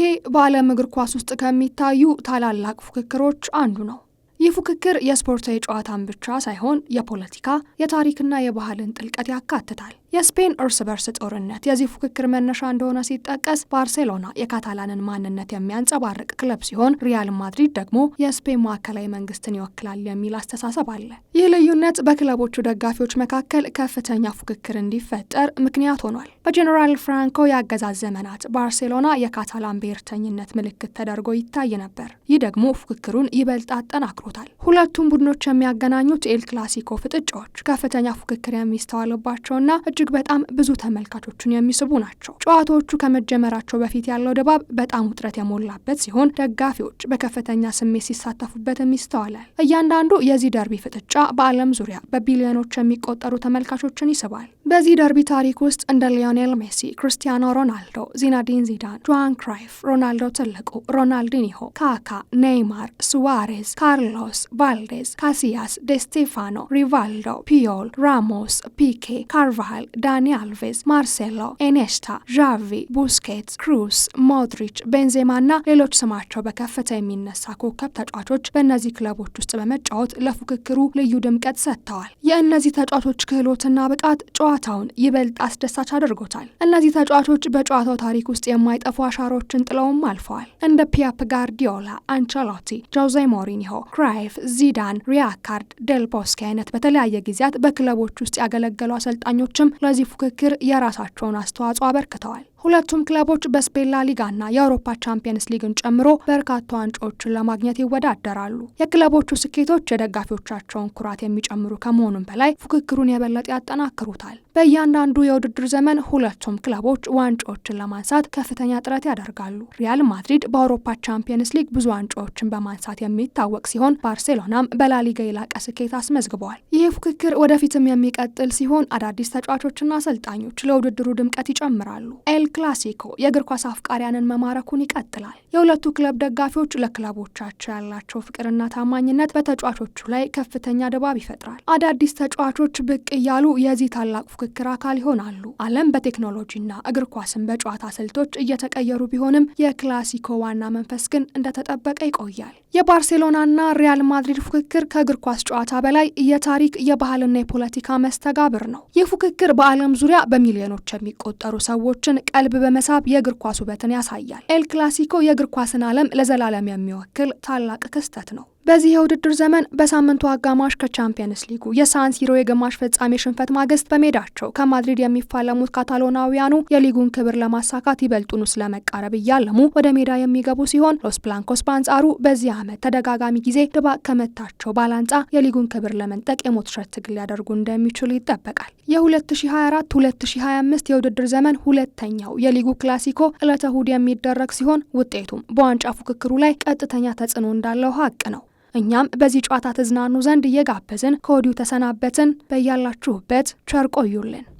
ይሄ በዓለም እግር ኳስ ውስጥ ከሚታዩ ታላላቅ ፉክክሮች አንዱ ነው። ይህ ፉክክር የስፖርታዊ ጨዋታን ብቻ ሳይሆን የፖለቲካ፣ የታሪክና የባህልን ጥልቀት ያካትታል። የስፔን እርስ በርስ ጦርነት የዚህ ፉክክር መነሻ እንደሆነ ሲጠቀስ ባርሴሎና የካታላንን ማንነት የሚያንጸባርቅ ክለብ ሲሆን ሪያል ማድሪድ ደግሞ የስፔን ማዕከላዊ መንግስትን ይወክላል የሚል አስተሳሰብ አለ። ይህ ልዩነት በክለቦቹ ደጋፊዎች መካከል ከፍተኛ ፉክክር እንዲፈጠር ምክንያት ሆኗል። በጀኔራል ፍራንኮ የአገዛዝ ዘመናት ባርሴሎና የካታላን ብሔርተኝነት ምልክት ተደርጎ ይታይ ነበር። ይህ ደግሞ ፉክክሩን ይበልጥ አጠናክሮታል። ሁለቱም ቡድኖች የሚያገናኙት ኤል ክላሲኮ ፍጥጫዎች ከፍተኛ ፉክክር የሚስተዋልባቸውና እጅግ በጣም ብዙ ተመልካቾችን የሚስቡ ናቸው። ጨዋታዎቹ ከመጀመራቸው በፊት ያለው ድባብ በጣም ውጥረት የሞላበት ሲሆን ደጋፊዎች በከፍተኛ ስሜት ሲሳተፉበትም ይስተዋላል። እያንዳንዱ የዚህ ደርቢ ፍጥጫ በዓለም ዙሪያ በቢሊዮኖች የሚቆጠሩ ተመልካቾችን ይስባል። በዚህ ደርቢ ታሪክ ውስጥ እንደ ሊዮኔል ሜሲ፣ ክርስቲያኖ ሮናልዶ፣ ዚናዲን ዚዳን፣ ጆሃን ክራይፍ፣ ሮናልዶ ትልቁ፣ ሮናልዲኒሆ፣ ካካ፣ ኔይማር፣ ሱዋሬዝ፣ ካርሎስ፣ ቫልዴዝ፣ ካሲያስ፣ ዴስቴፋኖ፣ ሪቫልዶ፣ ፒዮል፣ ራሞስ፣ ፒኬ፣ ካርቫሃል ዳኒ አልቬዝ፣ ማርሴሎ፣ ኤኔስታ፣ ዣቪ፣ ቡስኬትስ፣ ክሩስ፣ ሞድሪች፣ ቤንዜማ እና ሌሎች ስማቸው በከፍታ የሚነሳ ኮከብ ተጫዋቾች በእነዚህ ክለቦች ውስጥ በመጫወት ለፉክክሩ ልዩ ድምቀት ሰጥተዋል። የእነዚህ ተጫዋቾች ክህሎትና ብቃት ጨዋታውን ይበልጥ አስደሳች አድርጎታል። እነዚህ ተጫዋቾች በጨዋታው ታሪክ ውስጥ የማይጠፉ አሻሮችን ጥለውም አልፈዋል። እንደ ፒያፕ ጋርዲዮላ፣ አንቸሎቲ፣ ጆዜ ሞሪኒሆ፣ ክራይፍ፣ ዚዳን፣ ሪያካርድ፣ ዴል አይነት በተለያየ ጊዜያት በክለቦች ውስጥ ያገለገሉ አሰልጣኞችም ለዚህ ፉክክር የራሳቸውን አስተዋጽኦ አበርክተዋል። ሁለቱም ክለቦች በስፔን ሊጋ ና የአውሮፓ ቻምፒየንስ ሊግን ጨምሮ በርካታ ዋንጫዎችን ለማግኘት ይወዳደራሉ። የክለቦቹ ስኬቶች የደጋፊዎቻቸውን ኩራት የሚጨምሩ ከመሆኑም በላይ ፉክክሩን የበለጠ ያጠናክሩታል። በእያንዳንዱ የውድድር ዘመን ሁለቱም ክለቦች ዋንጫዎችን ለማንሳት ከፍተኛ ጥረት ያደርጋሉ። ሪያል ማድሪድ በአውሮፓ ቻምፒየንስ ሊግ ብዙ ዋንጫዎችን በማንሳት የሚታወቅ ሲሆን ባርሴሎናም በላሊጋ የላቀ ስኬት አስመዝግበዋል። ይህ ፉክክር ወደፊትም የሚቀጥል ሲሆን አዳዲስ ተጫዋቾችና አሰልጣኞች ለውድድሩ ድምቀት ይጨምራሉ። ኤል ክላሲኮ የእግር ኳስ አፍቃሪያንን መማረኩን ይቀጥላል። የሁለቱ ክለብ ደጋፊዎች ለክለቦቻቸው ያላቸው ፍቅርና ታማኝነት በተጫዋቾቹ ላይ ከፍተኛ ድባብ ይፈጥራል። አዳዲስ ተጫዋቾች ብቅ እያሉ የዚህ ታላቅ ፉክክር አካል ይሆናሉ። ዓለም በቴክኖሎጂና እግር ኳስን በጨዋታ ስልቶች እየተቀየሩ ቢሆንም የክላሲኮ ዋና መንፈስ ግን እንደተጠበቀ ይቆያል። የባርሴሎናና ሪያል ማድሪድ ፉክክር ከእግር ኳስ ጨዋታ በላይ የታሪክ የባህልና የፖለቲካ መስተጋብር ነው። ይህ ፉክክር በዓለም ዙሪያ በሚሊዮኖች የሚቆጠሩ ሰዎችን ቀልብ በመሳብ የእግር ኳስ ውበትን ያሳያል። ኤል ክላሲኮ የእግር ኳስን ዓለም ለዘላለም የሚወክል ታላቅ ክስተት ነው። በዚህ የውድድር ዘመን በሳምንቱ አጋማሽ ከቻምፒየንስ ሊጉ የሳን ሲሮ የግማሽ ፍጻሜ ሽንፈት ማግስት በሜዳቸው ከማድሪድ የሚፋለሙት ካታሎናውያኑ የሊጉን ክብር ለማሳካት ይበልጡኑ ስለመቃረብ እያለሙ ወደ ሜዳ የሚገቡ ሲሆን ሎስ ብላንኮስ በአንጻሩ በዚህ ዓመት ተደጋጋሚ ጊዜ ድባቅ ከመታቸው ባላንጻ የሊጉን ክብር ለመንጠቅ የሞት ሸት ትግል ሊያደርጉ እንደሚችሉ ይጠበቃል። የ2024 2025 የውድድር ዘመን ሁለተኛው የሊጉ ክላሲኮ ዕለተ እሁድ የሚደረግ ሲሆን ውጤቱም በዋንጫ ፉክክሩ ላይ ቀጥተኛ ተጽዕኖ እንዳለው ሀቅ ነው። እኛም በዚህ ጨዋታ ተዝናኑ ዘንድ እየጋበዝን ከወዲሁ ተሰናበትን። በያላችሁበት ቸር ቆዩልን።